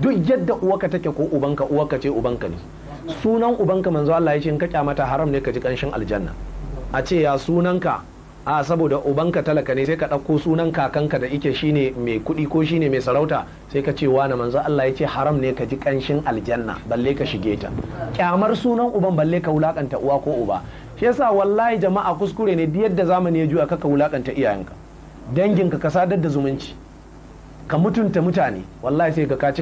duk yadda uwaka take ko ubanka uwaka ce ubanka ne sunan ubanka manzo Allah ya ce in ka kyamata haram ne ka ji kanshin aljanna a ce ya sunanka a saboda ubanka talaka ne sai ka ɗauko sunan kakanka da ike shine mai kuɗi ko shine mai sarauta sai ka ce wani manzo Allah ya ce haram ne ka ji kanshin aljanna balle ka shige ta kyamar sunan uban balle ka wulakanta uwa ko uba shi yasa wallahi jama'a kuskure ne duk yadda zamani ya juya kaka wulakanta iyayenka danginka ka sadar da zumunci ka mutunta mutane wallahi sai ka ka